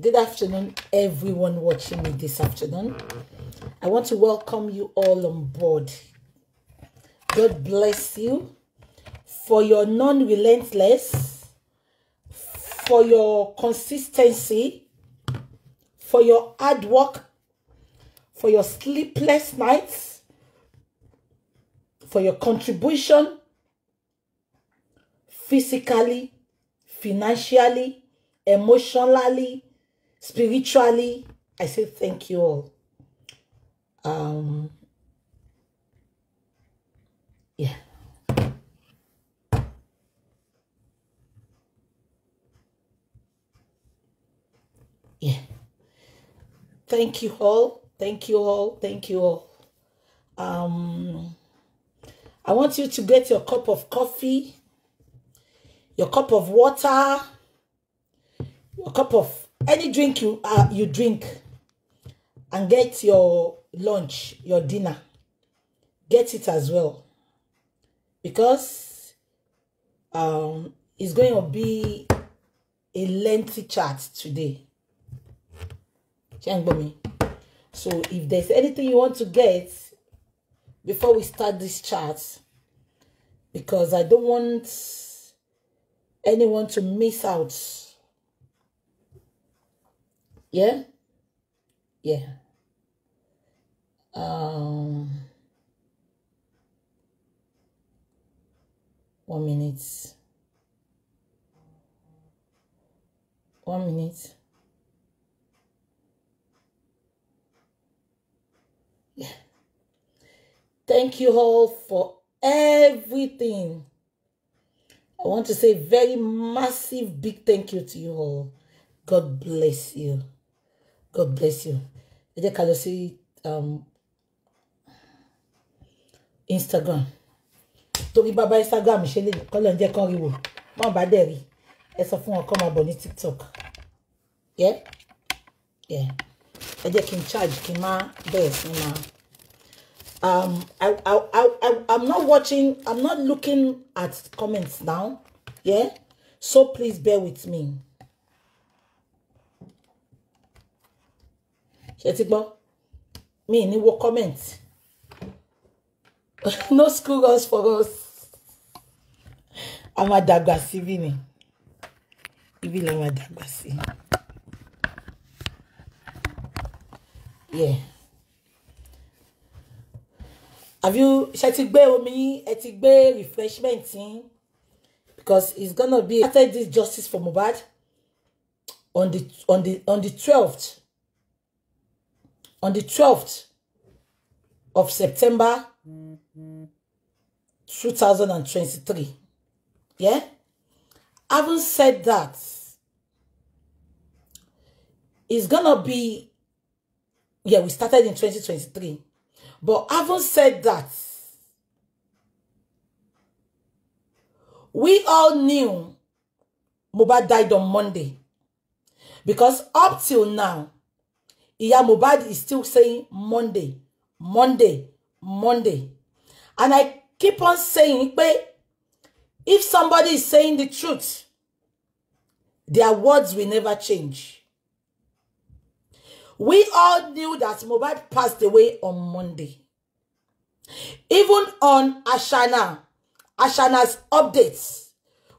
Good afternoon, everyone watching me this afternoon. I want to welcome you all on board. God bless you for your non-relentless, for your consistency, for your hard work, for your sleepless nights, for your contribution physically, financially, emotionally, spiritually. I say thank you all. Um, yeah. Yeah. Thank you all. Thank you all. Thank you all. Um, I want you to get your cup of coffee your cup of water, your cup of any drink you uh, you drink, and get your lunch, your dinner. Get it as well, because um, it's going to be a lengthy chat today. So if there's anything you want to get before we start this chat, because I don't want anyone to miss out. Yeah? Yeah. Um, one minute. One minute. Yeah. Thank you all for everything I want to say very massive big thank you to you all. God bless you. God bless you. Ẹ kalosi um, Instagram. Torí Baba Instagram Michelle, call on lọ́n jẹ́ kán rí Esa Má bá dẹ̀ rí. TikTok. Yeah? Yeah. Ẹ jẹ́ charge kí n má bẹ̀rẹ̀ um I, I i i'm not watching i'm not looking at comments now yeah so please bear with me ṣé ti gbọ́ comments. no school girls for us a máa dàgbà sí bí ni ibi yeah have you ṣe ti gbé omi ẹ ti gbé refreshment yín because it's gonna be after this justice for Mohbad on the on the on the twelfth on the twelfth of September two thousand and twenty-three yeah having said that it's gonna be yeah we started in 2023 But having said that, we all knew Mubad died on Monday. Because up till now, yeah, Mubad is still saying Monday, Monday, Monday. And I keep on saying, if somebody is saying the truth, their words will never change. We all knew that Mobile passed away on Monday. Even on Ashana, Ashana's updates,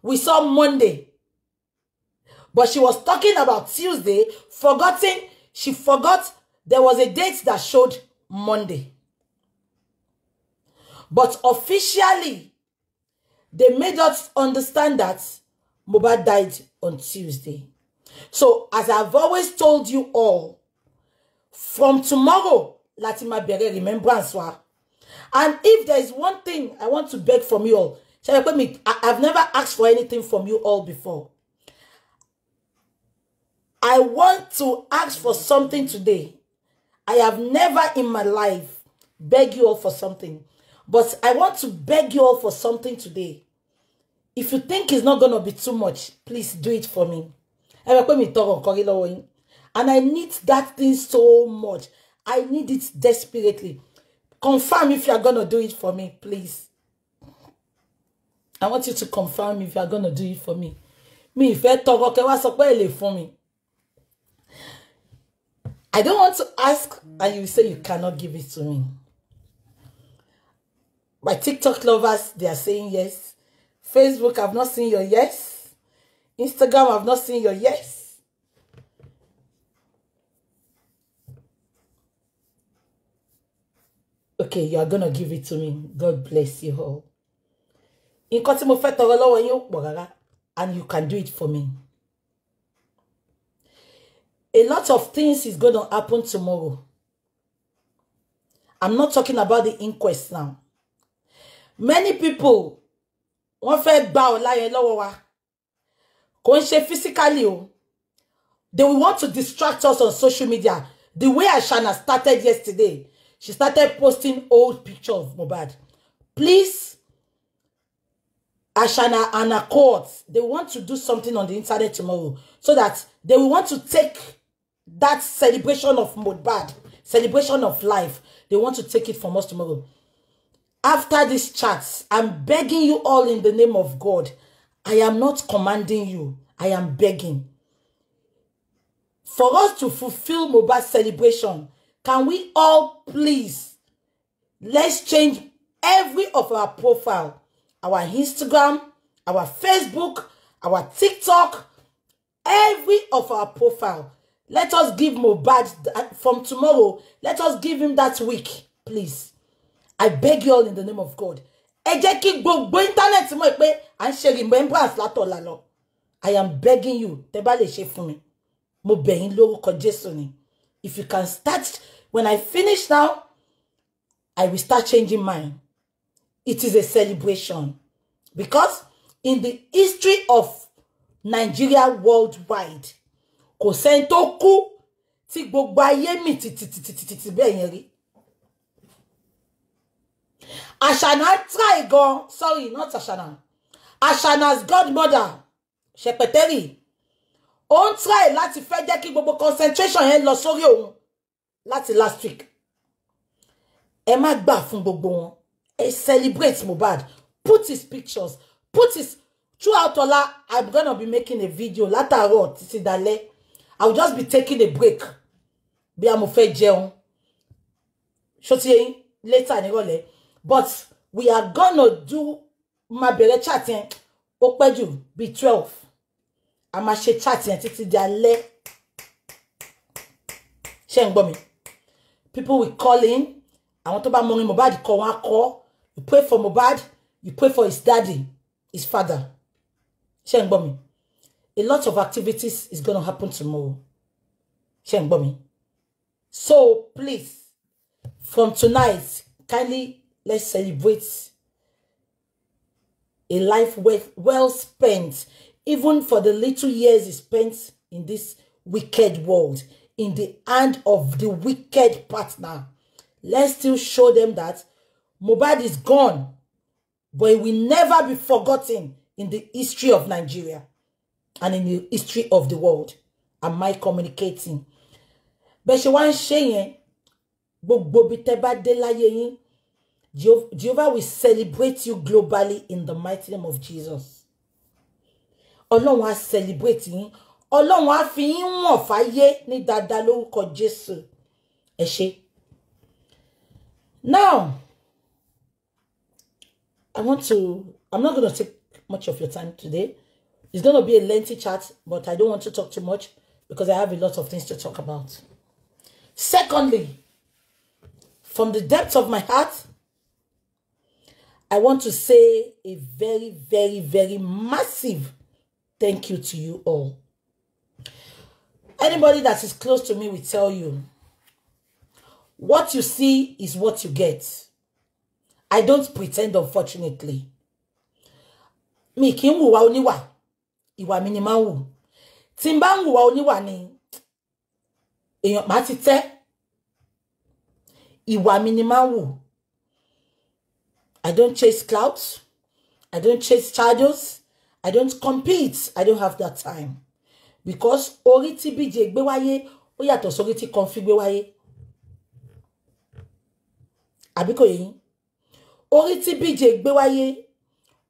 we saw Monday. But she was talking about Tuesday, forgetting, she forgot there was a date that showed Monday. But officially, they made us understand that Mobad died on Tuesday. So, as I've always told you all, from tomorrow láti máa bẹ̀rẹ̀ remembrance wa and if there is one thing I want to beg from you all ṣe pé me? I've never asked for anything from you all before I want to ask for something today I have never in my life beg you all for something but I want to beg you all for something today if you think it's not going to be too much please do it for me ẹ rẹ pé mi tọrọ nǹkan rí lọ́wọ́ yín And I need that thing so much. I need it desperately. Confirm if you are going to do it for me, please. I want you to confirm if you are going to do it for me. Me, ìfẹ́ tọrọ kẹ́ wá sọ pé for me? I don't want to ask and you say you cannot give it to me. My TikTok lovers, they are saying yes. Facebook, I've not seen your yes. Instagram, I've not seen your yes. okay you are gonna give it to me god bless you all nǹkan tí mo fẹ́ tọrọ lọ́wọ́ yín ò and you can do it for me a lot of things is going to happen tomorrow i'm not talking about the inquest now many people wọ́n fẹ́ gba Ọláyẹ lọ́wọ́ wa kò ń physically o they will want to distract us on social media the way Ashana started yesterday she started posting old picture of Mobad. Please, Ashana and her court, they want to do something on the internet tomorrow so that they will want to take that celebration of Mobad, celebration of life. They want to take it from us tomorrow. After this chat, I'm begging you all in the name of God. I am not commanding you. I am begging. For us to fulfill Mohbad celebration, Can we all please let's change every of our profile, our Instagram, our Facebook, our TikTok, every of our profile. Let us give Mobad from tomorrow. Let us give him that week, please. I beg you all in the name of God. Ẹ jẹ́ kí gbogbo internet mọ̀ pé à ń ṣe remembrance látọ̀la I am begging you, tẹ́ bá lè ṣe fún mi. Mo bẹ̀ yín lórúkọ ni. If you can start, when I finish now, I will start changing mine. It is a celebration. Because in the history of Nigeria worldwide, kò sẹ́ni tó kú tí gbogbo ayé mì tìtìtìtìtì bẹ́ẹ̀ yẹn rí. Ashana try gan, Shepeteri, ó ń try láti fẹ́ jẹ́ kí gbogbo concentration yẹn lọ sórí òun láti last week ẹ má gbà fún gbogbo wọn ẹ celebrate Mohbad put his pictures put his throughout ọ̀la i'm gonna be making a video látàárọ̀ títí dalẹ́ i will just be taking a break bí a mo fẹ́ jẹun ṣó ti later nírọ̀lẹ́ but we are gonna do Mabere bẹ̀rẹ̀ chat yẹn ó pẹ́ jù bíi twelve a máa ṣe chat yẹn títí di alẹ́ ṣé ń gbọ́ mi people will call in àwọn tó bá mọrin Mohbad kọ wọn á you pray for Mohbad you pray for his daddy his father ṣé ń gbọ́ mi a lot of activities is gonna happen tomorrow ṣé ń gbọ́ mi so please from tonight kindly let's celebrate a life well, well spent even for the little years he spent in this wicked world, in the hand of the wicked partner. Let's still show them that Mohbad is gone, but he will never be forgotten in the history of Nigeria and in the history of the world. Am I communicating? But she wants ń but yẹn, gbogbo bí Jehovah will celebrate you globally in the mighty name of Jesus ọlọ́run á celebrate yín ọlọ́run á fi yín wọ̀n fáyé ní dáadáa lórúkọ jésù ẹ ṣe. now i want to i'm not gonna take much of your time today it's gonna be a lengthy chat but i don't want to talk too much because i have a lot of things to talk about secondly from the depth of my heart i want to say a very very very massive Thank you to you all. Anybody that is close to me will tell you, what you see is what you get. I don't pretend, unfortunately. Mi kì í hùwà oníwà, ìwà mi ni máa ń hù. Tí n ni, èèyàn máa ti tẹ́. Ìwà I don't chase clouds. I don't chase shadows. I don't compete. I don't have that time. Because orí tí BJ gbé wáyé, ó yàtọ̀ sórí tí Comfy gbé wáyé. Àbí kò yé yín? Orí tí BJ gbé wáyé,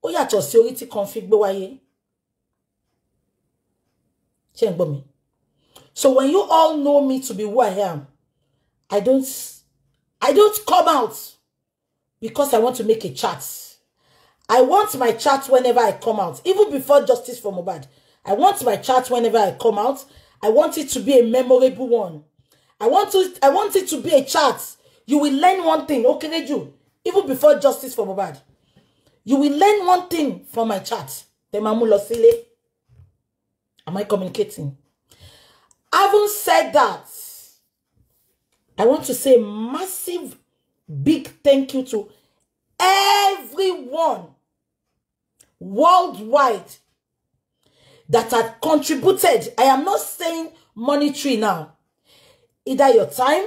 ó yàtọ̀ sí orí tí Comfy gbé wáyé. Ṣé ń gbọ́ mi? So when you all know me to be who I am, I don't I don't come out because I want to make a chart. I want my chat whenever I come out, even before justice for Mohbad. I want my chat whenever I come out. I want it to be a memorable one. I want to I want it to be a chat. You will learn one thing, okay, you even before justice for Mohbad. You will learn one thing from my chat. The Mamulo Sile. Am I communicating? Having said that, I want to say massive big thank you to everyone worldwide that had contributed. I am not saying monetary now. Either your time,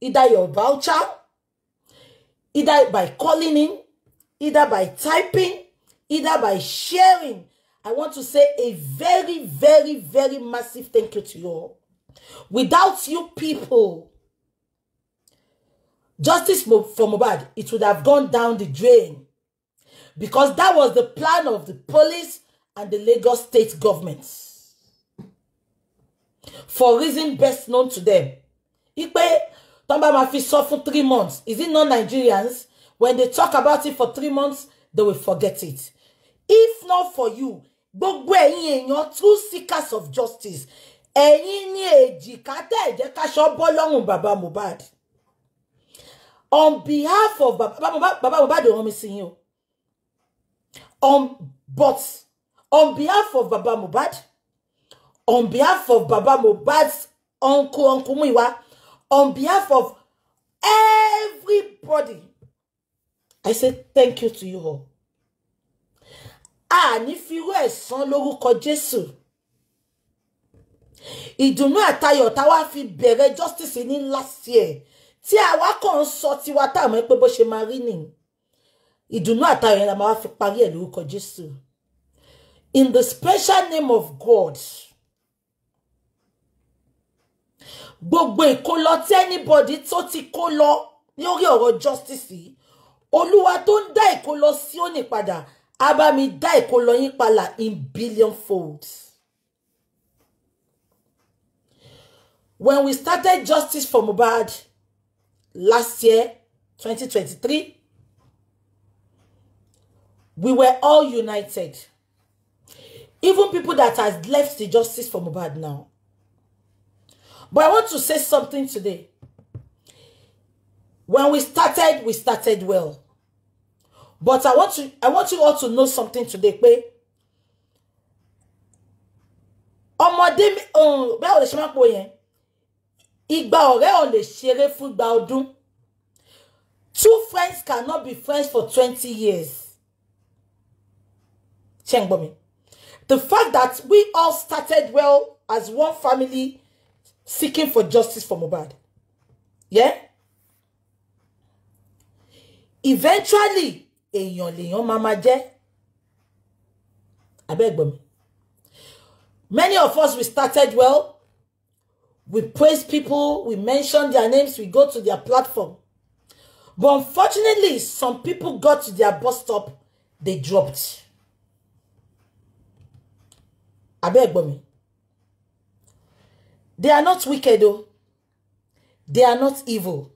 either your voucher, either by calling in, either by typing, either by sharing. I want to say a very, very, very massive thank you to you all. Without you people, justice for Mobad, it would have gone down the drain. because that was the plan of the police and the Lagos state government. For reason best known to them. Ipe, Tamba Mafi saw for three months. Is it not Nigerians? When they talk about it for three months, they will forget it. If not for you, gbogbo ẹ̀yin èèyàn true seekers of justice ẹ̀yin ní èjìká tẹ́ ẹ̀ jẹ́ káṣọ bọ́ on behalf of bàbá Mohbad bàbá Mohbad rán mi sí yín o on but on behalf of Baba Mubad, on behalf of Baba Mubad's uncle, Uncle Muiwa, on behalf of everybody, I say thank you to you all. Ah, A ní firú ẹ̀san lórúkọ Jésù. Ìdùnnú àtayọ̀ táwa fi bere justice ní last year Ti àwa kàn ń sọ tiwa táwọn ẹgbẹ́ bó ṣe máa rí ìdùnnú àtayọ̀ yẹn la máa fi parí ẹ̀ lórúkọ Jésù in the special name of God gbogbo ìkólọ tí anybody tó ti kó lọ lórí ọ̀rọ̀ justice yìí olúwa tó ń dá ìkólọ Síónì padà á bá mi dá ìkólọ yín padà in billion folds. When we started justice for Mohbad last year 2023 we were all united. Even people that has left the justice for Mohbad now. But I want to say something today. When we started, we started well. But I want to I want you all to know something today, pé oh, two friends cannot be friends for twenty years The fact that we all started well as one family seeking for justice for Mubad. Yeah? Eventually, èèyàn lèèyàn máa máa jẹ́. beg bomi. Many of us, we started well. We praise people. We mention their names. We go to their platform. But unfortunately, some people got to their bus stop. They dropped. abẹ́ ẹ̀gbọ́n mi they are not wicked o they are not evil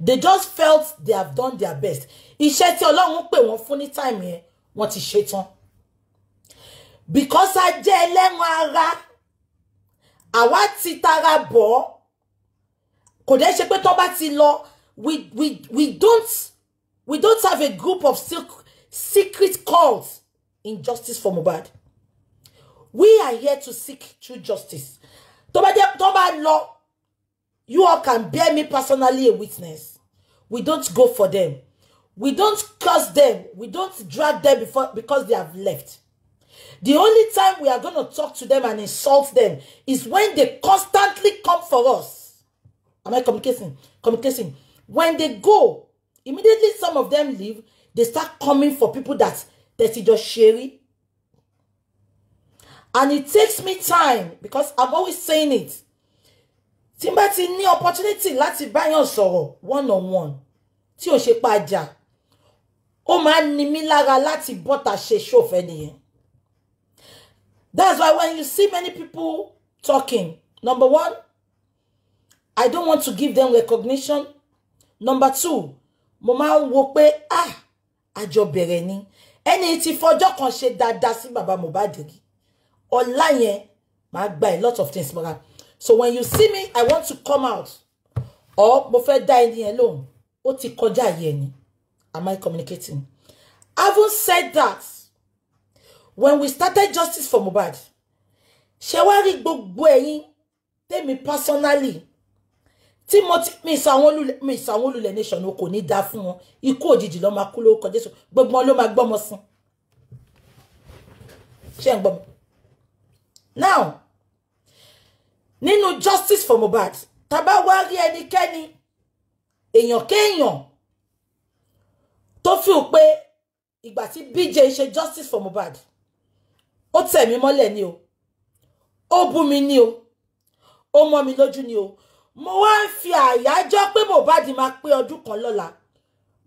they just felt they have done their best iṣẹ́ tí ọlọ́run pè wọ́n fún ní time yẹn wọ́n ti ṣe tán because a jẹ́ ẹlẹ́ran ara àwa ti tara bọ̀ ọ́ kò dẹ́ ṣe pé tó bá ti lọ we we we don't we don't have a group of secret in justice for Mohbad we are here to seek true justice tó bá jẹ́ tó bá lọ you all can bear me personally a witness we don't go for them we don't curse them we don't drag them before because they have left the only time we are going to talk to them and insult them is when they constantly come for us am I communicating communicating when they go immediately some of them leave they start coming for people that just sharing and it takes me time because i'm always saying it tí n ti ní opportunity láti báyàn soro one on one tí ò ṣe pa ajá ó ni mí lára láti bọ́ta ṣe ṣòfẹ́ nìyẹn that's why when you see many people talking number one i don't want to give them recognition number two mo máa wo pé ah ajo bere ni ẹni tí fọjọ́ kan ṣe dáadáa sí bàbá Mohbad rí ọ̀la yẹn màá gba a lot of things mọ́ra so when you see me i want to come out or mo fẹ́ dá ẹni yẹn lóhùn ó ti kọjá ayé ẹni am i communicating having said that when we started justice for Mohbad ṣe wá rí gbogbo ẹ̀yin tèmi personally tí mo ti mi sọ àwọn olùlẹ̀ mi sọ àwọn olùlẹ̀ nation o kò ní dáa fún wọn ikú òjijì ló máa kú lórúkọ Jésù gbogbo wọn ló máa gbọ́mọ sùn ṣé ń gbọ́ now nínú justice for Mohbad Taba bá wá rí ẹnikẹ́ni èèyàn kéèyàn tó fi hù pé ìgbà BJ ṣe justice for Mohbad Ote mi mí ni o ó bú mi ni o ó mọ́ mi lójú ni o mo wá ń fi àyájọ́ pé Mohbad máa pé odu kon Lola.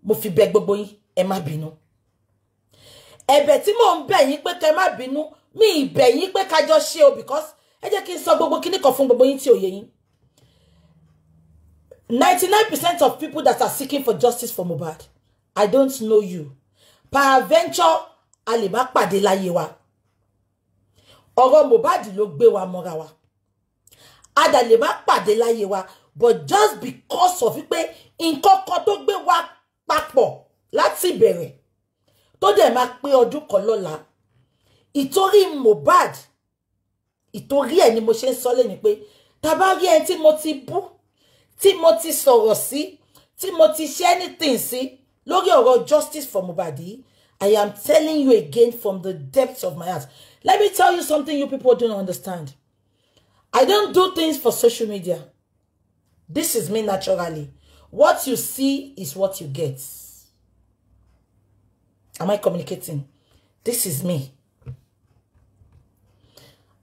mo fi bẹ̀ gbogbo yín ẹ má bínú ẹ̀bẹ̀ tí mò ń bẹ̀ yín pé kẹ́ má bínú mi ìbẹ̀ yín pé kájọ ṣe o because ẹ jẹ́ kí n sọ gbogbo kíní kan fún gbogbo yín tí ò yé yín ninety nine percent of people that are seeking for justice for Mohbad I don't know you paraventure a lè má pàdé láyé wa ọ̀rọ̀ Mohbad ló gbé wa mọ́ra wa a dà lè má pàdé wa but just because of pé nǹkan kan tó gbé wa papọ̀ láti ìbẹ̀rẹ̀ tó dẹ̀ máa pé ọdún kan lọ́la ìtorí Mohbad ìtorí ẹ̀ ni mo ṣe ń sọ lẹ́ni pé tá rí ẹni tí mo ti bú tí mo ti sọ̀rọ̀ sí tí mo ti ṣe anything sí lórí ọ̀rọ̀ justice for Mohbad yìí I am telling you again from the depths of my heart let me tell you something you people don't understand I don't do things for social media this is me naturally what you see is what you get am I communicating this is me.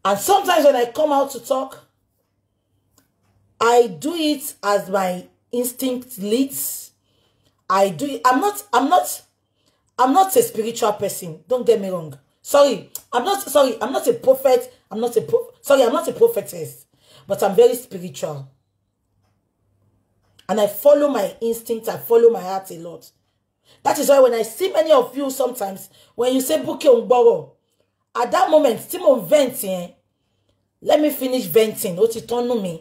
And sometimes when I come out to talk, I do it as my instinct leads. I do it. I'm not, I'm not, I'm not a spiritual person. Don't get me wrong. Sorry. I'm not, sorry. I'm not a prophet. I'm not a, pro sorry. I'm not a prophetess, but I'm very spiritual. And I follow my instinct. I follow my heart a lot. That is why when I see many of you sometimes, when you say Buki Ungboro, at that moment, tí venti. ń let me finish venting ó ti tán nù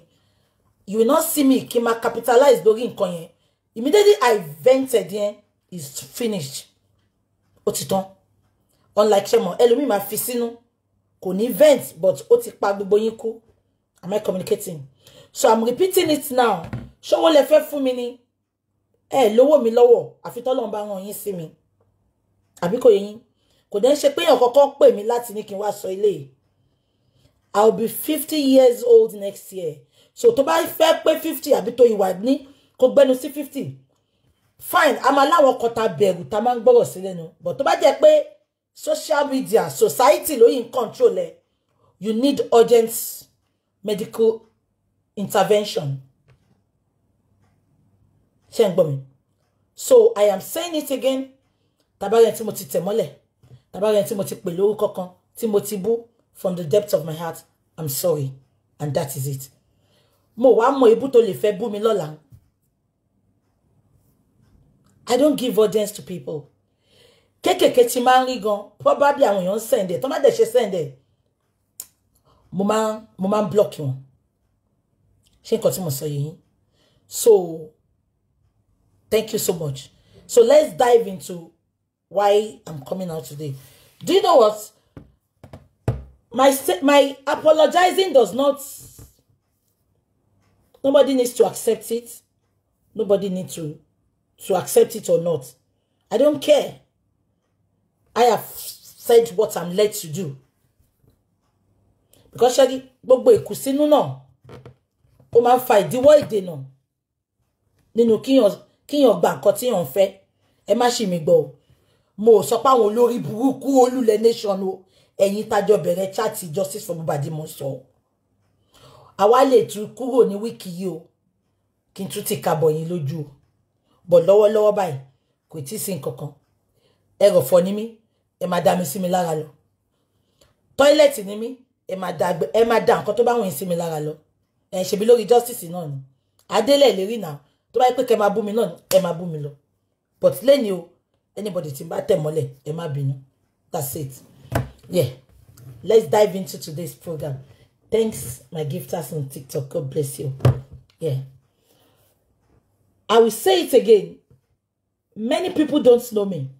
you will not see me kí n máa capitalize lórí nǹkan yẹn immediately I vented yẹn is finished ó ti tán unlike sẹ́mọ̀ ẹlòmíì máa fi sínú kò ní vent but ó ti pa gbogbo yín kú am I communicating so I'm repeating it now ṣọwọ́ lẹ fẹ́ fún mi ni ẹ lówó mi lọ́wọ́ àfi tọ́lọ́run bá ràn yín sí mi àbí kò yẹ yín kò dẹ́ ṣe pé èèyàn kọ́kọ́ pè mí láti ní kí n wá I will be fifty years old next year so tó bá fẹ́ pé fifty àbí tó ìwà ní kó gbẹnu see fifty fine a máa láwọn ọkọ̀ ta bẹ̀rù ta máa ń gbọ́rọ̀ sí lẹ́nu but to buy jẹ́ social media society in control you need urgent medical intervention ṣé ń so I am saying it again tabarẹ́ni tí mo ti tẹ̀ mọ́lẹ̀ tabarẹ́ni tí mo ti pè lórúkọ kan tí mo from the depth of my heart i'm sorry and that is it mo wa mo ebú tó lè fẹ́ bú mi lola. i don't give audience to people kékèké tí máa ń rí gan probably àwọn yon ń sẹ̀ǹdẹ̀ tó má dẹ̀ ṣe sẹ̀ǹdẹ̀ mo máa mo máa block wọn She nǹkan tí mo sọ yìí so thank you so much so let's dive into why i'm coming out today do you know what my my apologizing does not nobody needs to accept it nobody needs to to accept it or not i don't care i have said what i'm led to do because ṣẹ́gi gbogbo ìkùsínú náà ó máa ń fa ìdíwọ́ ìdènà nínú kíyàn gba nǹkan tíyàn ń fẹ́ ẹ má ṣì mí gbọ́ o mo sọ pé àwọn olórí burúkú olùlẹ̀ nation o ẹ̀yin tájọ bẹ̀rẹ̀ chat justice for Mohbad mo sọ àwa lè tún kúrò ní wíìkì yìí o kí n tún ti kàbọ̀ yín lójú o bọ̀ lọ́wọ́lọ́wọ́ báyìí kò tí ì sí nǹkan ẹ rọ̀fọ̀ ní mí ẹ máa dá mi sí mi lára lọ tọ́ílẹ̀tì ní mí ẹ máa dá ẹ máa dá nǹkan tó bá wọ̀nyí sí mi lára lọ ẹ ṣèbí lórí justice náà ni adélẹ̀ lérí náà tó bá yẹ pé kẹ máa bú mi náà ẹ máa bú mi lọ but lẹ́ni o anybody tí n bá tẹ̀ mọ́lẹ̀ ẹ má bínú that's it yeah let's dive into today's program thanks my gifters on tiktok god bless you yeah i will say it again many people don't know me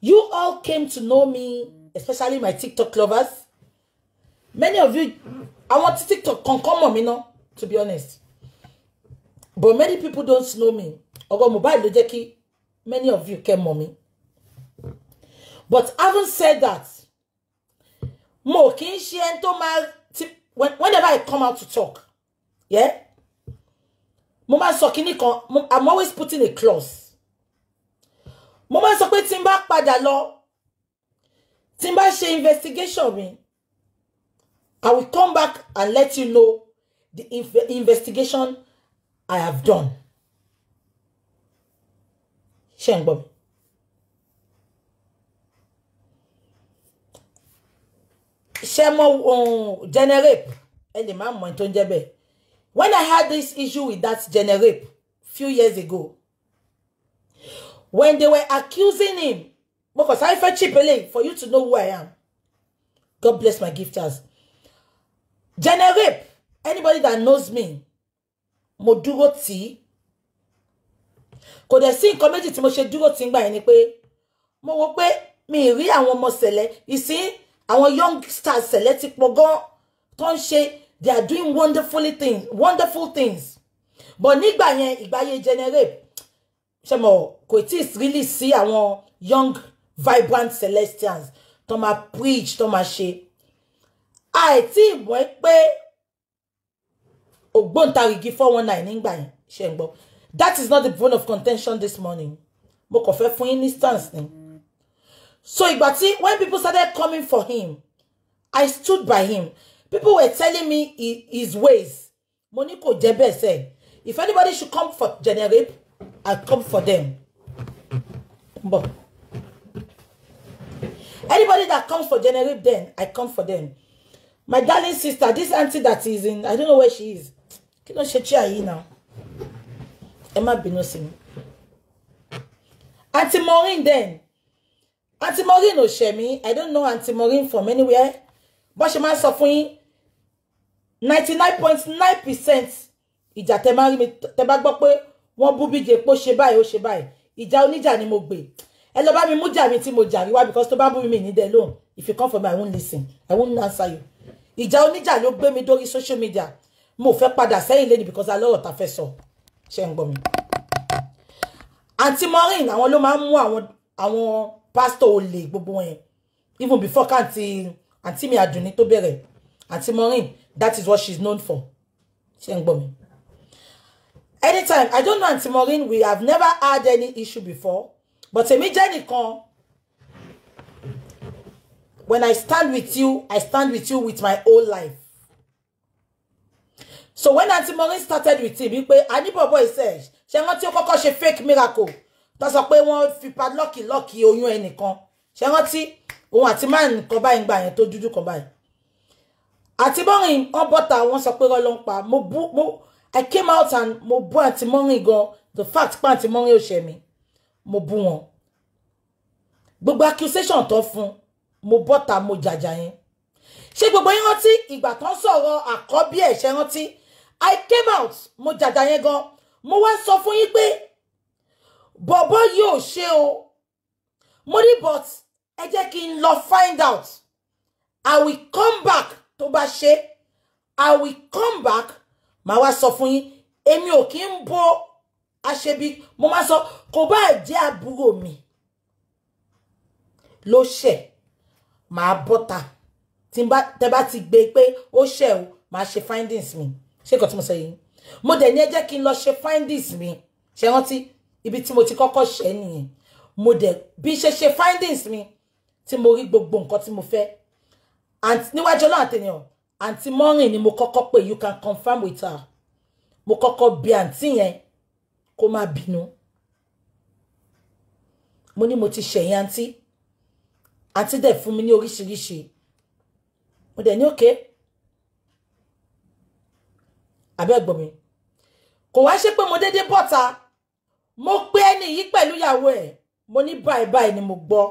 you all came to know me especially my tiktok lovers many of you i want tiktok kan kan mọ̀ mí ná to be honest but many people don't know me ọgọ Mohbad ló jẹ́ many of you came, mọ̀ mí but having said that mo kì she ṣe ẹni whenever I come out to talk yeah? mo máa sọ kíní kan I'm always putting a clause mo máa sọ pé tí n bá padà she investigation me. I will come back and let you know the inv investigation I have done ṣé ń gbọ́ Shemo um, Generape. When I had this issue with that Generape few years ago, when they were accusing him, because I felt cheap for you to know who I am. God bless my gifters. Generate. anybody that knows me, mo dúró tì í kò dẹ̀ to nǹkan méjì tí mo ṣe dúró tì í gbà yẹn ni pé mo wo pé mi ì rí àwọn ọmọ sẹ̀lẹ̀ ìsín Our young stars, ti pọ̀ gan tó they are doing wonderfully things wonderful things but nígbà yẹn ìgbáyé generate ṣe mọ̀ kò really see our young vibrant celestials tó máa preach tó máa I àìtí ìmọ̀ ẹ pé ògbóǹtarìgì four one nine nígbà yẹn ṣe ń gbọ́ that is not the bone of contention this morning mo kàn fẹ́ fún instance ni. Mm -hmm. So Igbati, when people started coming for him, I stood by him. People were telling me his ways. Moniko Jebe said, if anybody should come for Generip, I come for them. But anybody that comes for Generip then, I come for them. My darling sister, this auntie that is in, I don't know where she is. Kí ló ṣe now? Emma má Auntie Maureen then, aunty maureen ò ṣẹ̀ mí i don't know aunty maureen from anywhere but she máa ń sọ fún yín ninety nine point nine percent ìjà tẹ máa rí mi tẹ bá gbọ́ pé wọ́n bú bíje pé ó ṣe báyìí ó ṣe báyìí ìjà ni mo gbè ẹ lọ bá mi mú jà mi tí mo jà rí because tó bá bú mi ni de lo. if you come for me i won't listen i won't answer you ìjà oníjà lo gbé mi dórí social media mo fẹ́ padà sẹ́yìn lẹ́nu because alọ́rọ̀ ta fẹ́ sọ ṣe ń gbọ́ mi àǹtí maureen àwọn ló máa ń mú àwọn Pastor olè gbogbo wọn even before káàntì àǹtí mi àdùnní to bẹ̀rẹ̀ àǹtí maureen that is what she is known for ṣé ń gbọ́ mi. anytime i don't know aunty maureen we have never had any issue before but èmi jẹ́ nìkan when i stand with you i stand with you with my whole life so when aunty maureen started with him wípé anibọ̀bọ̀ ìṣe ṣe rántí ó kọ́kọ́ ṣe fake miracle tó sọ pé wọ́n fi padlọ́ọ̀kì lọ́ọ̀kì oyún ẹnìkan ṣe rántí òun àti máà nìkan báyìí ń gbà yẹn tó dúdú kan báyìí àti mọ́rin wọ́n bọ́ta wọ́n sọ pé rọ́lọ́ ń pa mo bú mo I came out and mo bú àti mọ́rin gan the fact pa àti mọ́rin ò ṣẹ̀ mi mo bú wọn gbogbo accusation tó fún mo bọ́ta mo jàjà yẹn ṣé gbogbo yín rántí ìgbà tó ń sọ̀rọ̀ àkọ́bí ẹ̀ ṣe rántí I came out mo jàjà yẹn gan mo wá sọ fún yín pé bọ̀bọ̀ yóò ṣe o mo ní but ẹ jẹ́ kí n lọ find out i will come back tó bá ṣe i will come back màá wá sọ fún yín èmi ò kí ń bo aṣebi mo máa sọ kò bá jẹ́ àbúrò mi ló ṣẹ̀ màá bọ́ta tẹ bá ti gbé pé ó ṣẹ̀ o màá ṣe findings mi ṣé kò tí mo sọ yìí mo dẹ̀ ní ẹ jẹ́ kí n lọ ṣe findings mi ṣe rántí ibi tí mo ti kọ́kọ́ ṣẹ́ nìyẹn mo dẹ̀ bí ṣe ṣe findings mi tí mo rí gbogbo nǹkan tí mo fẹ́ níwájú ọlọ́run àtẹnìyàn àǹtí mọ́rìn ni mo kọ́kọ́ pé you can confirm with her mo kọ́kọ́ bi àǹtí yẹn kó má bínú mo ní mo ti ṣẹ̀yìn àǹtí àǹtí dẹ̀ fún mi ní oríṣiríṣi mo dẹ̀ ní òkè àbẹ́ mi kò wá ṣe pé mo déédéé bọ́ta mo pé ẹni yìí pẹ̀lú ìyàwó ẹ̀ mo ní báyìí báyìí ni mo gbọ́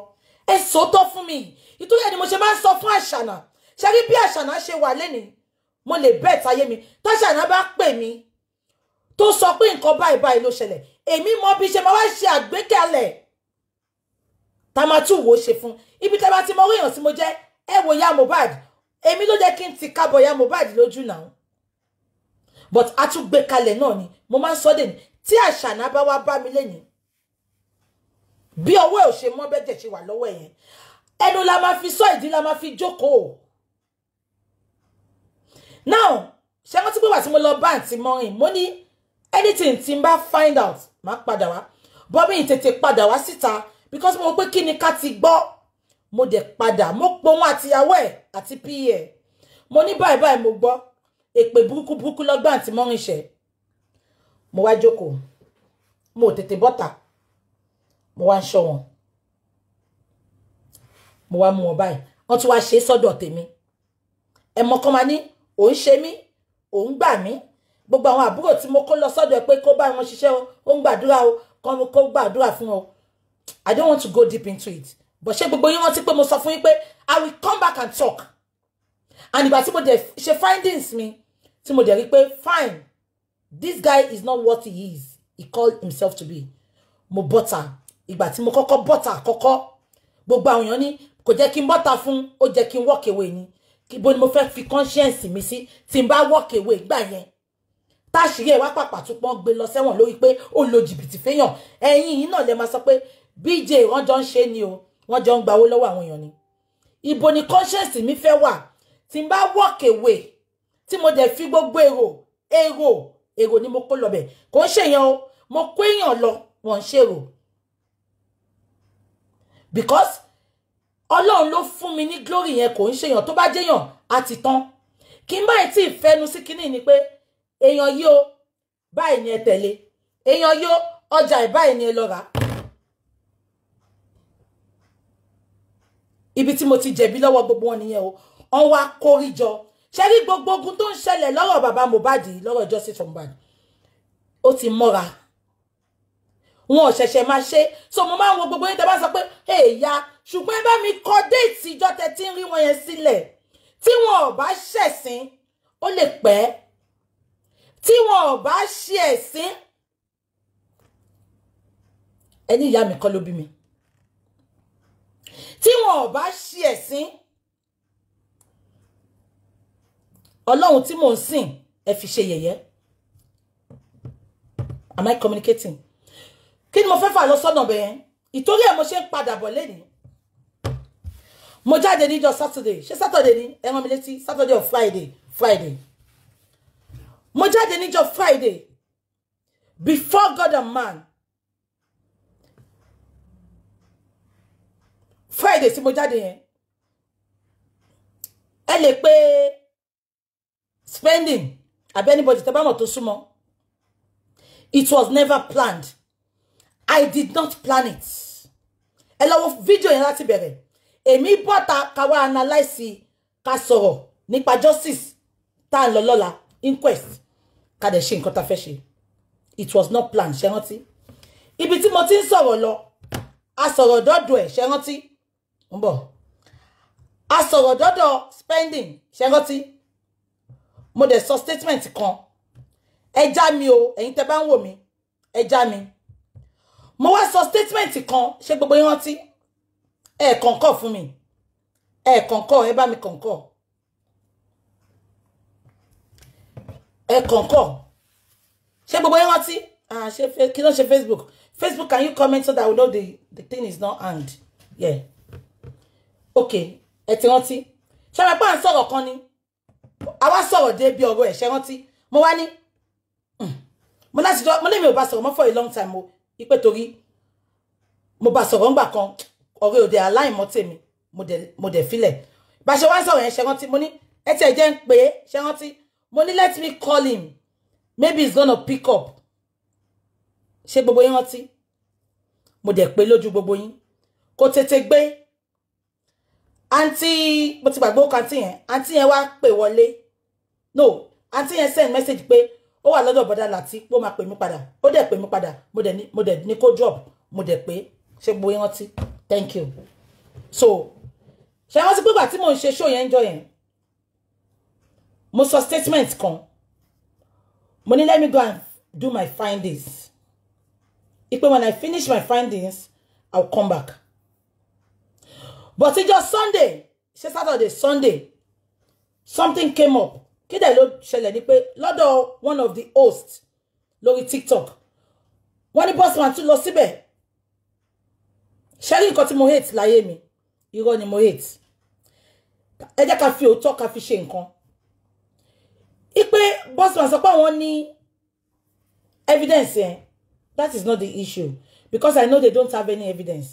ẹ sòótọ́ fún mi ìtúrí ẹ̀ ni mo ṣe máa ń sọ fún àṣànà ṣe rí bí àṣànà ṣe wà lẹ́nìí mo lè bẹ́ẹ̀ táyé mi táṣànà bá pè mí tó sọ pé nǹkan báyìí báyìí ló ṣẹlẹ̀ èmi mọ bí ṣe máa wá ṣe àgbékalẹ̀ tá a máa tún wò ó ṣe fún ibi tá a bá ti èèyàn tí mo jẹ́ ẹ wo ya Mohbad èmi ló jẹ́ kí n ti kábọ̀ ya Mohbad lójú náà but a tún gbé kalẹ̀ náà ni mo máa ń sọ ní tí àṣànà bá wá bá mi lẹ́yìn bí ọwọ́ ẹ̀ ò ṣe mọ́ bẹ́jẹ̀ ṣe wà lọ́wọ́ ẹ̀ ẹnu la máa fi sọ ìdí la máa fi jókòó now ṣé wọ́n ti pé wà tí mo lọ bá àǹtí mọ́rin mo ní anything tí n bá find out máa padà wá bọ́ mi tètè padà wá síta because mo pé kí ni ká ti gbọ́ mo dẹ̀ padà mo pohun àtìyàwó ẹ̀ àti pa ẹ̀ mo ní báyìí báyìí mo gbọ́ èpè burúkú burúkú lọ́gbà àǹtí mọ́rin ṣẹ̀ mo wá jókòó mo tètè bọ́tà mo wá ṣọ́ wọn mo wá mú wọn báyìí wọ́n tún wá ṣe sọ́dọ̀ tèmi ẹ̀mọ́ kan máa ní òun ṣe mí òun gbà mí gbogbo àwọn àbúrò tí mo kó lọ sọ́dọ̀ ẹ pé kó bá wọn ṣiṣẹ́ ó ń gbàdúrà o kó gbàdúrà fún ọ I don't want to go deep into it but ṣé gbogbo yín rántí pé mo sọ fún yín pé I will come back and talk and ìgbà tí mo dẹ̀ ṣe findings mi tí mo dẹ̀ rí pé fine this guy is not what he is he called himself to be mo bọ́tà ìgbà tí mo kọ́kọ́ bọ́tà kọ́kọ́ gbogbo àwọn èèyàn ní kò jẹ́ kí n bọ́tà fún ó walk away ni ibo ni mo fẹ́ fi conscience mi si tí n walk away gbà yẹn táṣìírí ẹ̀ wá pàpà tún pọ́n gbé lọ sẹ́wọ̀n lórí pé ó lo jìbìtì fẹ́yàn ẹ̀yìn yìí náà lè máa sọ pé BJ wọ́n jọ ń ṣe ni o wọ́n jọ ń gbawó lọ́wọ́ àwọn èèyàn ni ibo ni conscience mi fẹ́ wà tí n bá walk away tí mo dẹ̀ fi gbogbo èrò èrò Ego ni mo kó lọ bẹ̀ kò ń ṣèyàn o mo kó èèyàn lọ wọ́n ń ṣèrò because ọlọ́run lo fún mi ní glory yẹn kò ń ṣèyàn tó bá jẹ́yàn á ti tán kí n báyìí tí ìfẹ́nu sí kínní ni pé èèyàn yìí o báyìí ni ẹ tẹ̀lé èèyàn yìí o ọjà ìbáyìí ni ẹ ibi tí mo ti jẹ̀bi lọ́wọ́ gbogbo wọn nìyẹn o wọ́n wá kóríjọ ṣe rí gbogbo ogun tó ń ṣẹlẹ̀ lọ́rọ̀ bàbá Mohbad lọ́rọ̀ justice for Mohbad ó ti mọ́ra wọn ò ṣẹ̀ṣẹ̀ máa ṣe so mo máa ń wo gbogbo yín tẹ́ bá sọ pé èèyà ṣùgbọ́n ẹ bá mi kọ déètì ìjọ tẹ́tí ń rí wọn yẹn sílẹ̀ tí wọn ò bá ṣẹ̀sìn ó lè pẹ́ tí wọn ò bá ṣe ẹ̀sìn ẹni ìyá mi kọ́ ló bí mi tí wọn ò bá ṣe ẹ̀sìn. ọlọ́run tí mò ń sìn ẹ fi ṣe yẹ̀yẹ́ am I communicating Kini mo fẹ́ fà lọ sọ́nà bẹ́ẹ̀ ìtorí ẹ̀ mo ṣe padà bọ̀ lẹ́nu mo jáde Saturday She Saturday ni ẹ rán mi létí Saturday or Friday Friday mo jáde jo Friday before God and man Friday si mo jáde yẹn ẹ pé. spending àbí anybody tẹ́ bá mọ̀ tó súnmọ́ it was never planned i did not plan it ẹ lọ wo fídíò yẹn láti bẹ̀rẹ̀ èmi bọ́ta káwa analyse ká sọ̀rọ̀ nípa justice tá à ń inquest ká dẹ̀ ṣe nǹkan tá a fẹ́ it was not planned ṣe rántí ibi tí mo ti ń sọ̀rọ̀ lọ a sọ̀rọ̀ dọ́dọ̀ ẹ̀ ṣe rántí ń a sọ̀rọ̀ dọ́dọ̀ spending ṣe rántí mo de sọ statement kan ẹ já mi o ẹ̀yin tẹ́ bá ń wò mí ẹ mi mo wa sọ statement kan ṣé gbogbo yín rántí ẹ kọ̀ǹkọ̀ fún mi e kọ̀ǹkọ̀ ẹ bá mi kọ̀ǹkọ̀ e kọ̀ǹkọ̀ ṣé gbogbo yín rántí ah ṣe kí ló ṣe Facebook Facebook can you comment so that we know the the thing is not hand yeah okay e ti rántí ṣé ẹ pa à ń kan ni a wá sọ̀rọ̀ dé bí ọ̀rọ̀ ẹ̀ṣẹ́ rántí mo wá ní hmm. mo láti dọ́ mo lémi ò bá sọ̀rọ̀ mọ́ for a long time o ipe torí mo bá sọ̀rọ̀ ńgbà kan ọ̀rẹ́ òde aláìmọ́ tèmi mo dẹ̀ filẹ̀ bá ṣe wá sọ̀rọ̀ ẹ̀ṣẹ́ rántí mo ní ẹ tiẹ̀ jẹ́ ń pè é ṣẹ́ rántí mo ní let me call him maybe he's gonna pick up ṣé gbogbo yín rántí mo dẹ̀ pé lójú gbogbo yín kò tètè gbé àǹtí mo ti gbàgbé òkú àǹtí yẹn àǹtí yẹn wá pè wọlé no àǹtí yẹn send message pé ó wà lọ́dọ̀ bọ́dà láti pé ó máa pè mí padà ó dẹ̀ pè mí padà mo dẹ̀ ní mo dẹ̀ ní kó drop mo dẹ̀ pé ṣé gbogbo yẹn rántí thank you so ṣe wọ́n ti pé gbà tí mò ń ṣe show yẹn ń jọ yẹn mo sọ statement kan mo ní let me go and do my findings ipe when I finish my findings I will come back but just sunday ṣe saturday sunday something came up kí dẹ̀ ló ṣẹlẹ̀ ni pé lọ́dọ̀ one of the hosts lórí tiktok wọ́n ní bossman tún lọ síbẹ̀ ṣẹ́rí nǹkan tí mo hate láyé mi irọ́ ni mo hate ẹ jẹ́ ká fi òótọ́ ká fi ṣe nǹkan ipe bossman sọ pé àwọn ní evidence yẹn that is not the issue because i know they don't have any evidence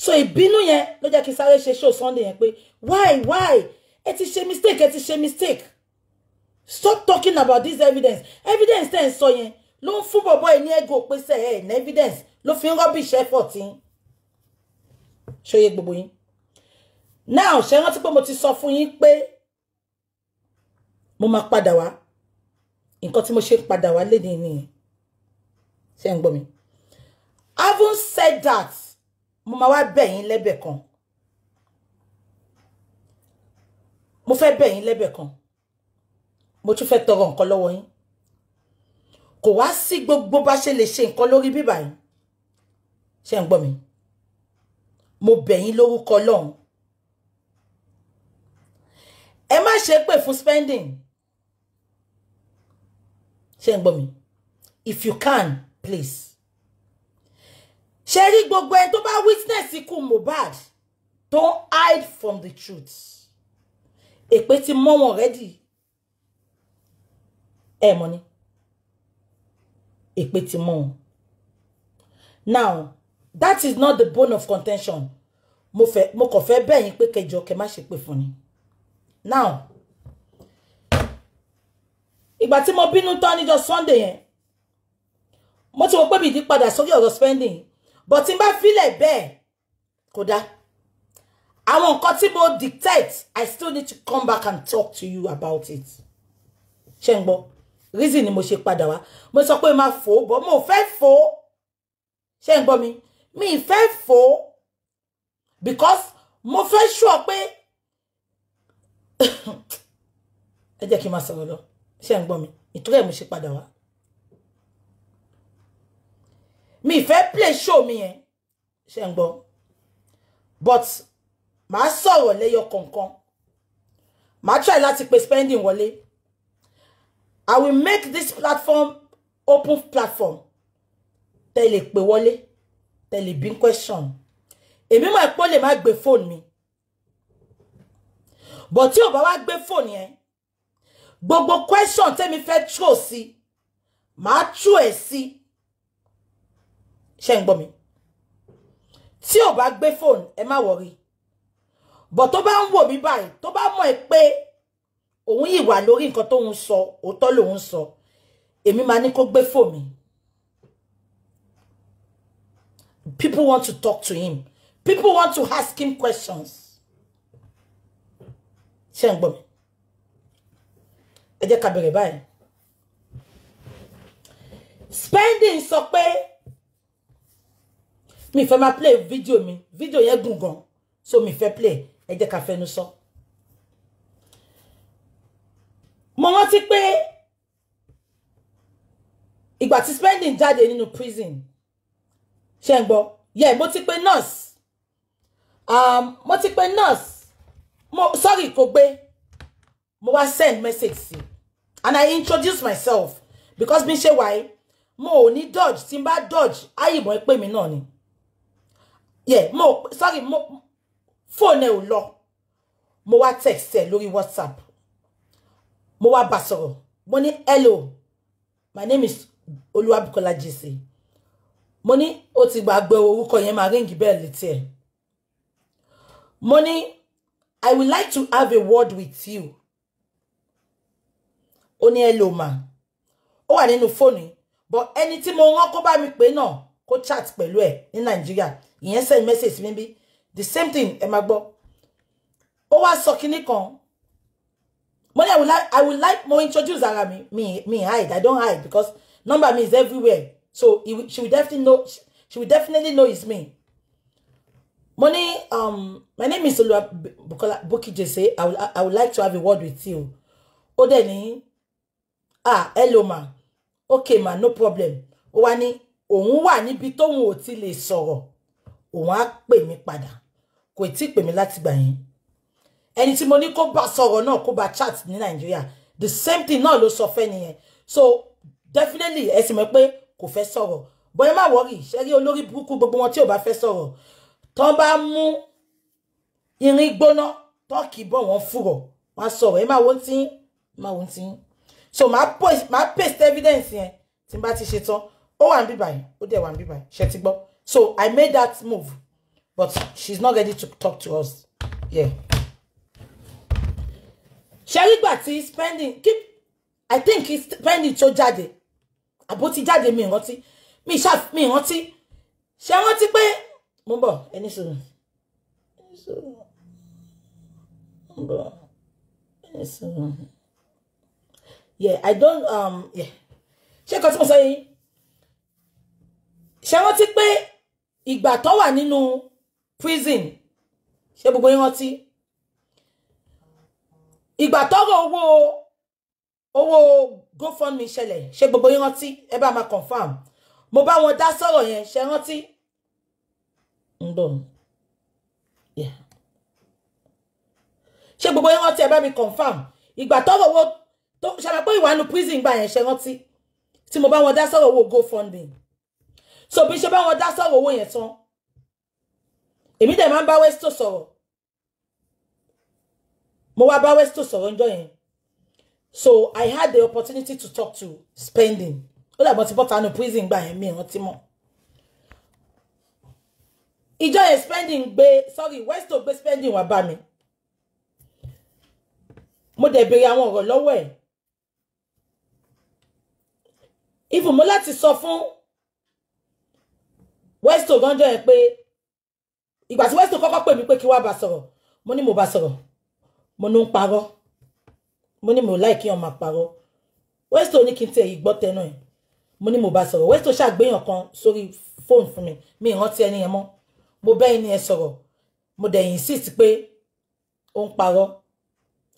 so ìbínú yẹn ló jẹ́ kí sáré ṣe show Sunday yẹn pé why why ẹ ti ṣe mistake ẹ ti ṣe mistake stop talking about this evidence evidence ten ń sọ yẹn ló ń fún bọ̀bọ̀ ẹ̀ ní pèsè ẹ̀ ní evidence ló fi ń rubbish effort yín ṣòye gbogbo yín now ṣe rántí pé mo ti sọ fún yín pé mo máa padà wá nǹkan tí mo ṣe padà wá lédìí nìyẹn ṣe ń gbọ́ mi having said that mo máa wá bẹ̀ yín lẹ́bẹ̀ kan mo fẹ́ bẹ̀ yín lẹ́bẹ̀ kan mo tún fẹ́ tọrọ nǹkan lọ́wọ́ yín kò wá sí gbogbo bá ṣe lè ṣe nǹkan lórí bíbà yín ṣe ń gbọ́ mi mo bẹ̀ yín lórúkọ Ọlọ́run ẹ má ṣe pè fún spending ṣe ń gbọ́ mi if you can please ṣe rí gbogbo ẹni tó bá witness ikú Mohbad don't hide from the truth èpè ti mọ́ wọn rẹ́dì ẹ mọ̀ ni èpè ti mọ́ wọn now that is not the bone of contention mo fẹ́ mo kàn fẹ́ bẹ̀ yín pé kẹjọ kẹ má ṣe pè fún ni now ìgbà tí mo bínú tán níjọ́ Sunday yẹn mo ti wọ pé bìdí padà sórí ọ̀rọ̀ spending but in n bá be, Koda, kò dáa àwọn nǹkan tí dictate I still need to come back and talk to you about it ṣé reason ni mo ṣe padà wá mo sọ pé máa fò ó bọ́ mo fẹ́ fò ó mi mi fẹ́ fò because mo fẹ́ sure pé ẹ jẹ́ kí n máa sọ̀rọ̀ lọ mi ìtura mo ṣe padà wá mi fẹ́ play show mi yẹn ṣe ń gbọ́ but màá sọ̀rọ̀ lẹ́yọ kọ̀ọ̀kan màá try láti pe spending wọlé i will make this platform open platform tẹ lè pè wọlé tẹ lè bí question èmi mọ̀ pé ó lè má gbé mi but tí ò bá wá phone fóònù yẹn gbogbo question tẹ́mi fẹ́ throw sí màá throw ẹ̀ sí. Si ṣe ń gbọ́ mi tí ò bá gbé fóònù ẹ má wọrí bọ̀ tó bá ń wò mí báyìí tó bá mọ̀ ẹ́ pé òun yìí wà lórí nǹkan tóun sọ òótọ́ lòun sọ èmi máa ní kó gbé fóònù mi people want to talk to him people want to ask him questions ṣe ń gbọ́ mi ẹ jẹ́ ká bẹ̀rẹ̀ báyìí spending sọ pé mi fẹ́ máa play fídíò mi fídíò yẹn gùn so mi fẹ́ play ẹ jẹ́ ká fẹnu sọ. mo rántí pé ìgbà tí spending jáde nínú prison ṣe ń gbọ́ yẹ mo ti pè nurse um, mo ti pè nurse mo sorry kò gbé mo wa send message sí and I introduce myself because mi ṣe why. mo ni dodge tí n dodge ayìnbọn pè mí náà ni yeah mo sorry mo phone e ò lọ mo wa text e lori whatsapp mo wa bá sọ̀rọ̀ mo ní hello my name is Oluwabukola Jesse mo ní ó ti gbàgbé orúkọ yẹn máa ríǹgì bẹ́ẹ̀ létí ẹ̀ mo ní i would like to have a word with you Oni ní hello ma ó wà nínú fóònù but anything mo rán kó bá mi pè no kó chat pẹ̀lú ẹ̀ ní nàìjíríà ìyẹn send message mi bí the same thing ẹ máa gbọ́ ó wá sọ kinní kan mo ní i would like i will like mo introduce ara mi mi hide i don't hide because number mi is everywhere so he, she will definitely know she, she will definitely know it's me mo ní um my name is Olúwa Bùkọ́lá Bukky Jesse i would. i would like to have a word with you ó dẹ̀ ní ah hello ma okay ma no problem ó wá ní òun wà níbi tóun ò ti lè sọ̀rọ̀ òun á pè mí padà kò tí ì pè mí láti gbà yẹn ẹni tí mo ní kó bá sọ̀rọ̀ náà kó bá chat ní nàìjíríà the same thing náà ló sọ fẹ́ nìyẹn so definitely ẹ sì mọ̀ pé kò fẹ́ sọ̀rọ̀ bóyá má wọ́rì ṣe rí olórí burúkú gbogbo wọn tí ò bá fẹ́ sọ̀rọ̀ tán bá mú irin gbóná tọ́kì bọ̀ wọ́n fúrọ̀ wọ́n sọ̀rọ̀ ẹ má wọ́n tí má wọ́n tí so máa paste evidence yẹn tí n bá ti ṣe tán Oh, I'm bí báyìí ó dẹ̀ wà ń bí báyìí ṣe so i made that move but she's not ready to talk to us yeah. ṣe rí gbà tí spending keep i think he's spending tó jáde àbó ti jáde mi ìrántí mi ṣá mi ìrántí ṣe rántí pé mo bọ̀ ẹni sọ̀rọ̀ ẹni sọ̀rọ̀ mo bọ̀ ẹni yeah i don't um yeah Check kan my mo ṣé rántí pé ìgbà tó wà nínú prison ṣé gbogbo yín rántí ìgbà tọ́rọ̀ owó owó gofundme ṣẹlẹ̀ ṣé gbogbo yín rántí ẹ bá máa confam mo bá wọn dá sọ̀rọ̀ yẹn ṣé rántí ń bọ̀ ṣé gbogbo yín rántí ẹ bá mi confam ìgbà tọ́rọ̀ owó tó ṣàlàyé pé ìwà nínú prison gbà yẹn ṣé rántí tí mo bá wọn dá sọ̀rọ̀ owó gofundme so bí ṣe bá wọn dá sọ̀rọ̀ owó yẹn tán èmi dẹ̀ máa ń bá westo sọ̀rọ̀ mo wá bá westo sọ̀rọ̀ ńjọ́ yẹn so i had the opportunity to talk to spending ó dàgbọ́n ti bọ́ta nù prison gbà yẹn mi ìrántí mọ́ ìjọ yẹn spending gbé sorry westo gbé spending wá bá mi mo dẹ̀ béèrè àwọn ọ̀rọ̀ lọ́wọ́ ẹ̀ ìfòmọ́ láti sọ fún westo gánjọ ẹ pé ìgbà tí westo kọ́kọ́ pè mí pé kí wá bá sọ̀rọ̀ mo ní mo bá sọ̀rọ̀ mo ní ń parọ́ mo ní mo láì kí wọn máa parọ́ westo ní kí n tiẹ̀ yìí gbọ́ tẹnu ẹ̀ mo ní mo bá sọ̀rọ̀ westo ṣàgbéyàn kan sórí fóònù fún mi mi ìrántí ẹni yẹn mọ́ mo bẹ́ ẹni yẹn sọ̀rọ̀ mo dẹ̀ insist pé ó ń parọ́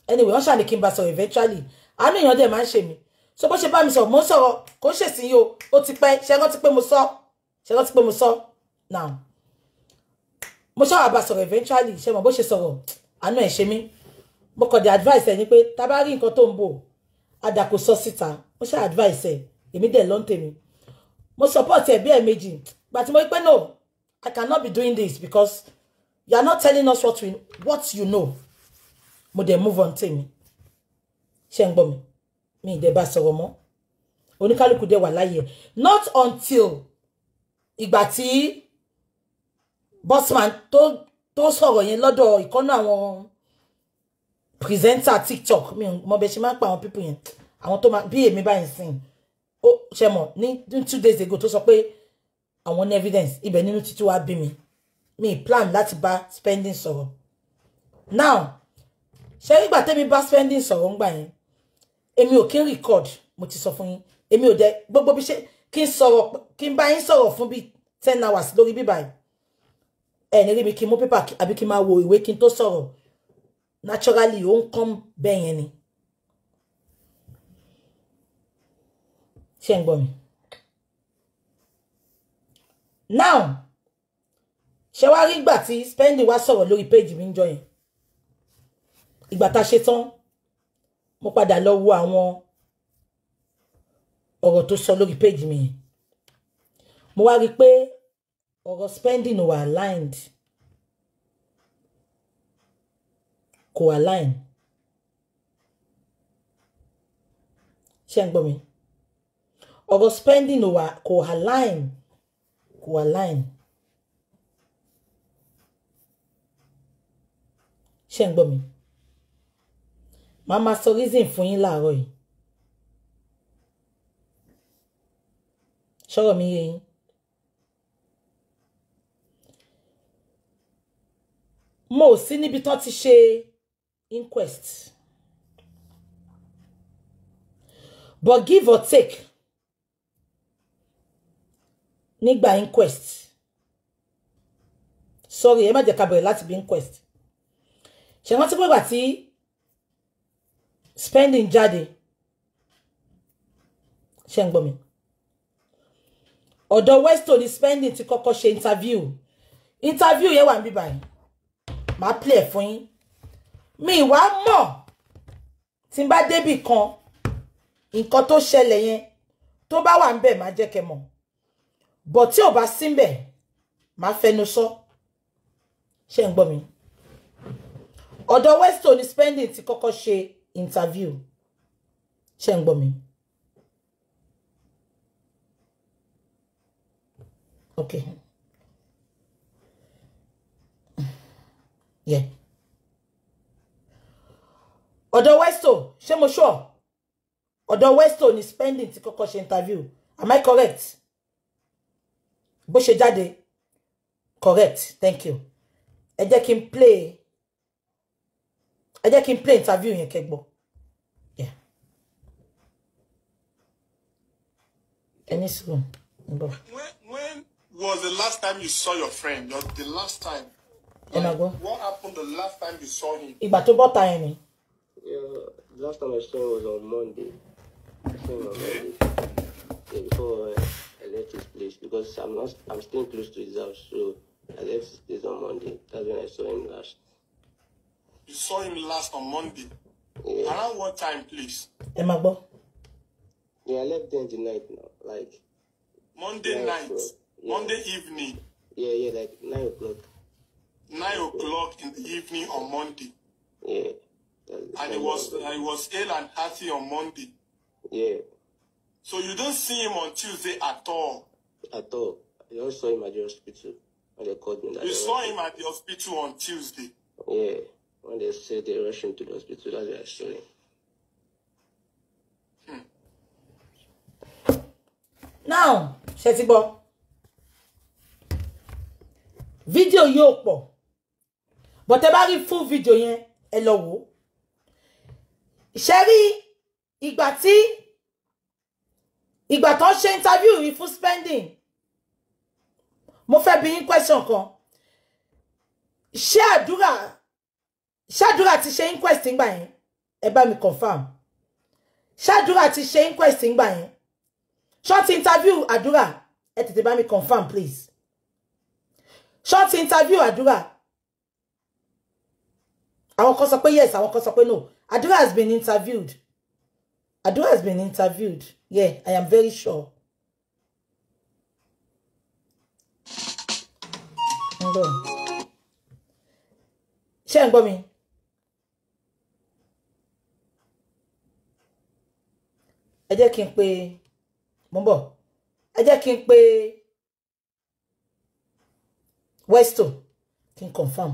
anyway wọ́n ṣàlè kí n bá sọ̀rọ̀ eventually àánú èèyàn dẹ̀ máa ń ṣe mí so bó ṣe bá mi sọ̀rọ̀ mo ń sọ̀rọ̀ kò ń ṣèṣin yìí o ó ti pẹ́ ṣe rántí pé mo sọ ṣe lọ́tí pé mo sọ now mo ṣáà bá sọ̀rọ̀ eventually ṣe mọ̀ bó ṣe sọ̀rọ̀ àánú ẹ̀ ṣe mí mo kọ̀ di advice ẹ̀ ni pé tá a bá rí nǹkan tó ń bò adàkó sọ mo ṣáà advice ẹ̀ èmi dẹ̀ ló ń tèmi mo support ẹ̀ bí ẹ̀ méjì gbàtí mo rí no I cannot be doing this because you are not telling us what, we, what you know mo dẹ̀ move on tèmi ṣe ń gbọ́ mi mi ì dẹ̀ bá sọ̀rọ̀ mọ́ oníkálukú dẹ̀ wà not until ìgbà tí bosman tó tó sọ̀rọ̀ yẹn lọ́dọ̀ ìkọ́nà àwọn pírẹsẹ́ńtà tiktok mi mọ bẹ ṣe máa ń pa àwọn pípù yẹn àwọn tó máa bí èmi báyìí sìn ó ṣe mọ̀ ní two days ago tó sọ pé àwọn ní evidence ibẹ̀ nínú títí wàá bí mi mi plan láti bá spending sọ̀rọ̀ now ṣe nígbà tẹ́mi bá spending sọ̀rọ̀ ń gbà yẹn èmi ò kí ń record mo ti sọ fún yín èmi ò dẹ gbogbo bí ṣe kí n sọ̀rọ̀ kí n bá yín sọ̀rọ̀ fún bíi ten hours lórí bíbá yìí ẹ̀ ní rí mi kí n mú pépà àbí kí máa wo ìwé kí n tó sọ̀rọ̀ naturally ó ń kán bẹ́ẹ̀ yẹn ni. ṣé ń gbọ́ mi. now ṣe wá rí ìgbà tí spending wá sọ̀rọ̀ lórí péjì mi ń jọ yẹn ìgbà tá a ṣe tán mo padà lọ wo àwọn ọ̀rọ̀ tó sọ lórí péjì mi yẹn mo wá rí i pé ọ̀rọ̀ spending wà aligned kò align ṣé ń gbọ́ mi ọ̀rọ̀ spending wà kò align kò align ṣé ń gbọ́ mi màá máa sọ reason fún yín láàárọ̀ yìí ṣọ́rọ̀ mi yé yín. mo ò sí níbi tán ti ṣe inquest but give or take nígbà inquest sorry ẹ má jẹ́ ká bẹ̀rẹ̀ láti bí inquest ṣe rántí pé ìgbà tí spending jáde ṣe ń gbọ́ mi ọ̀dọ̀ Westo ni spending ti kọ́kọ́ ṣe interview interview yẹn wà ń bí báyìí màá play ẹ̀ fún yín mi ìwà mọ̀ tí n bá débì kan nǹkan tó ṣẹlẹ̀ yẹn tó bá wà níbẹ̀ màá jẹ́ kẹ́ mọ̀ bọ̀ tí ò bá síbẹ̀ màá fẹnu sọ ṣé ń gbọ́ mi ọ̀dọ̀ westo spending ti kọ́kọ́ ṣe interview ṣé ń gbọ́ mi. okay. yẹn ọ̀dọ̀ westo ṣé mo sure ọ̀dọ̀ westo ni spending ti kọ́kọ́ ṣe interview am I correct bó ṣe jáde correct thank you ẹ jẹ́ kí n play ẹ jẹ́ kí n play interview yẹn kẹ́ gbọ́. Any soon. When, when was the last time you saw your friend? Your, the last time ẹ gbọ́. what happened the last time you saw him. ìgbà tó bọ́ ta ẹ̀ ni. the last time I saw him was on Monday I saw him on Monday yeah, before I left his place because I'm not I'm still close to his house so I left his place on Monday that's when I saw him last. you saw him last on Monday. Yeah. around what time please. ẹ máa gbọ́. Yeah, I left there in the night now, like Monday night, night. Yeah. Monday evening. Yeah, yeah, like nine o'clock. nine o'clock in the evening on Monday. Yeah. And he was he was ill and healthy on Monday. Yeah. So you don't see him on Tuesday at all. At all. I just saw him at the hospital when they called me. you saw him at the hospital on Tuesday. Yeah. When they said they rushed him to the hospital, that's where I saw him. Hmm. now ṣe video yoko. bọ̀tẹ́ bá rí fún video? yẹn ẹ lọ wò ó ṣe rí ìgbà tí interview yìí fún spending mo fẹ́ bi yín question kan ṣé àdúrà ṣé àdúrà ti ṣe inquest ńgbà yẹn ẹ bá mi confirm ṣé àdúrà ti ṣe inquest ńgbà yẹn short interview àdúrà ẹ tètè bá mi confirm please short interview àdúrà àwọn kan sọ pé yes àwọn kan sọ pé no Adua has been interviewed Adua has been interviewed yeah I am very sure. ṣé ẹ ń gbọ́ mi. ẹ jẹ́ kí n pe mo ń bọ̀ ẹ jẹ́ kí n pe Weston kí n confam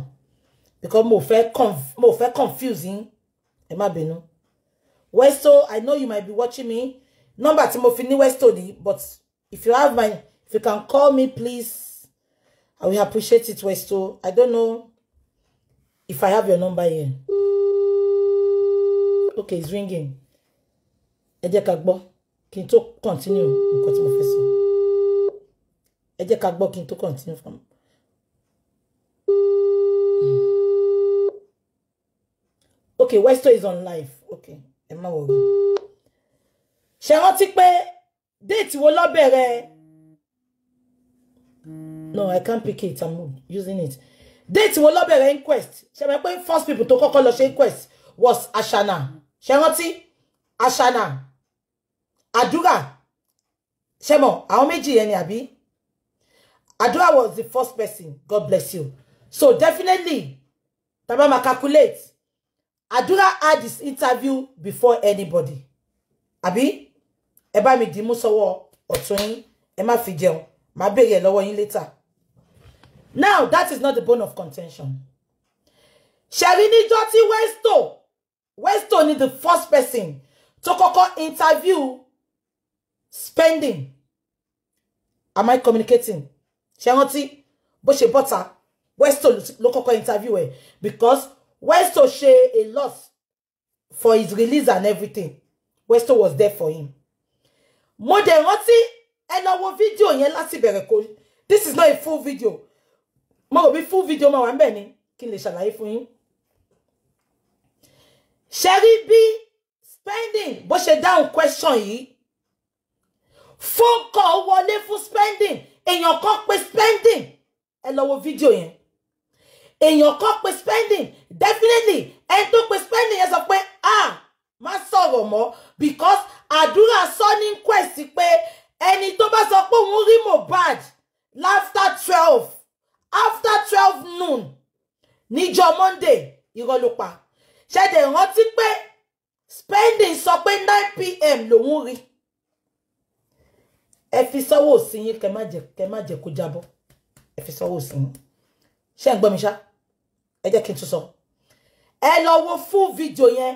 because mo fẹ́ mo fẹ́ confuse yín ẹ má Westo I know you might be watching me number tí mo fi ní Westo ni but if you have my if you can call me please I will appreciate it Westo I don't know if I have your number here okay it's ringing ẹ jẹ́ ká gbọ́ kí n continue nǹkan tí mo fẹ́ sọ ẹ jẹ́ ká gbọ́ kí n continue from. okay Westo is on life. okay ẹ má wọrí. ṣe rántí pé déètì wo ló bẹ̀rẹ̀ no I can't pick it I'm using it déètì wo ló inquest ṣe mọ̀ pé first people tó kọ́kọ́ lọ ṣe inquest was Ashana ṣe rántí Ashana àdúrà ṣe mọ̀ àwọn méjì yẹn ni àbí àdúrà was the first person God bless you so definitely tá bá calculate Adura had this interview before anybody. Abi, eba mi dì mú sọ́wọ́ ọ̀tún yín. Ẹ má fi jẹun. Màá béèrè lọ́wọ́ yín later. Now that is not the bone of contention. Ṣẹ̀rí níjọ́ tí Westo Westo ni the first person to kọ́kọ́ interview spending. Am I communicating? Ṣé rántí bó ṣe bọ́ta Westo ló kọ́kọ́ interview ẹ̀ because Westo share a lot for his release and everything. Westo was there for him. Modern dẹ̀ rántí ẹ lọ wo fídíò This is not a full video. Mo rò full video ma wà níbẹ̀ ni kí n for ṣàlàyé fún yín. be bí spending bó she down question yi. Phone call wọlé for spending. Èèyàn kan pè spending. Ẹ lọ wo èèyàn kan pe spending definitely ẹni tó pe spending yẹn sọ pé ah má sọ̀rọ̀ mọ́ because àdúrà sunning quest pé ẹni tó bá sọ pé òun rí Mohbad after twelve after twelve noon níjọ́ Monday irọ́ ló pa ṣẹ̀dẹ̀ rántí pé spending sọ pé nine pm lòún rí ẹ fi sọ́wọ́ sí yín kẹ má jẹ kó jábọ́ ẹ fi sọ́wọ́ sí yín ṣé ń gbọ́ mi ṣá ẹ jẹ́ kí n tún sọ ẹ lọ wo full video yẹn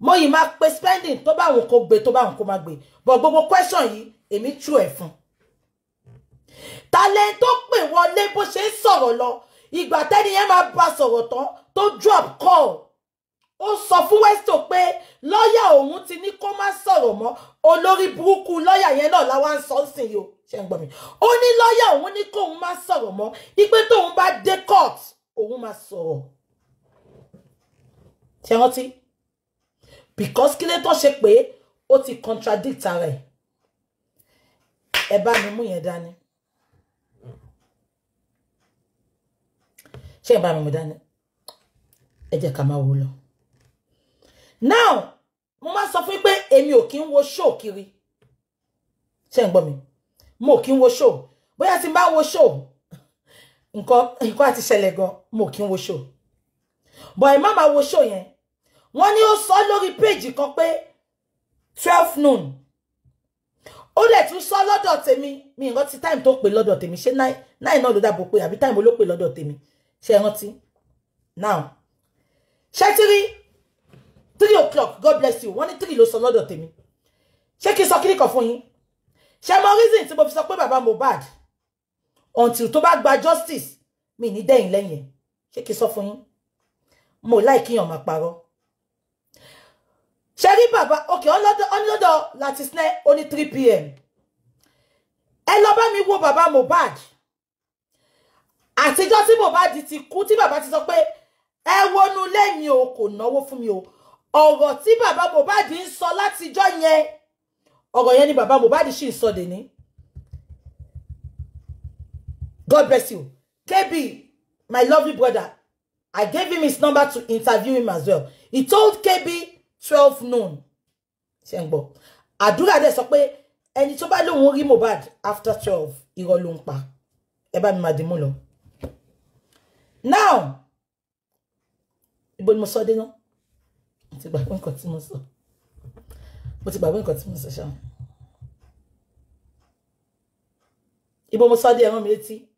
mọyì máa pe spending tó bá òun kò gbé tó bá òun kò máa gbé but gbogbo question yìí èmi tú ẹ fún talent tó pè wọlé bó ṣe ń sọ̀rọ̀ lọ ìgbà tẹ́ni yẹn máa bá sọ̀rọ̀ tán tó drop call ó sọ fún westo pé lọ́ọ̀yà òun ti ní kó má sọ̀rọ̀ mọ́ olórí burúkú lọ́ọ̀yà yẹn náà láwa ń sọ sí i o ṣe ń gbọ́ mi ó ní lọ́ọ̀yà òun ní kóun má sọ̀rọ̀ mọ́ ipe tóun bá dé court òun máa sọ̀rọ̀ ṣe rántí because kílé tó ṣe pé ó ti contradict ara ẹ̀ ẹ bá mi mú yẹn dání ṣé ẹ bá mi mú dání ẹ jẹ́ ká máa wò lọ now mo máa sọ fún yín pé èmi ò kí ń wo show kiri ṣé ń gbọ́ mi mo ò kí ń wo show bóyá tí n bá wo show nǹkan nǹkan ati ṣẹlẹ̀ gan mo kí wo show but ẹ má máa wo show yẹn wọ́n ní ó sọ lórí péjì kan pé twelve noon ó dẹ̀ tún sọ lọ́dọ̀ tèmi mi ìrántí time tó pè lọ́dọ̀ tèmi ṣé nine náà ló dàbò pé àbí time ló pè lọ́dọ̀ tèmi ṣé ẹ now ṣé tírí three o'clock god bless you wọ́n ní three lo sọ lọ́dọ̀ tèmi ṣé kí n sọ kíríkọ̀ fún yín ṣé mo reason tí mo fi sọ pé bàbá Mohbad until to bá gba justice mi ni dẹ́yìn lẹ́yìn ṣé kí sọ fún yín mo láì kíyàn máa parọ́ ṣe rí bàbá òkè ọlọ́dọ̀ láti sinẹ́ ó ní three pm E lọ bá mi wo Baba mo bad. Ati jo ti mo kú tí bàbá ti sọ E wo wọnú lẹ́yìn o ko náwó fún mi o ọ̀rọ̀ tí bàbá Mohbad ń sọ látijọ́ yẹn ọ̀rọ̀ yẹn ni bàbá Mohbad sì ń sọ dèní. God bless you. KB, my lovely brother, I gave him his number to interview him as well. He told KB 12 noon. Ṣé ń gbọ́. Àdúrà dẹ̀ sọ pé ẹni worry bá lóun after 12 irọ́ ló ń pa. Ẹ bá mi máa Now, ibo ni mo sọ dé náà? Mo ti moso. nǹkan tí mo sọ. Mo ti gbàgbé nǹkan tí Ibo mo sọ dé ẹ̀rọ mi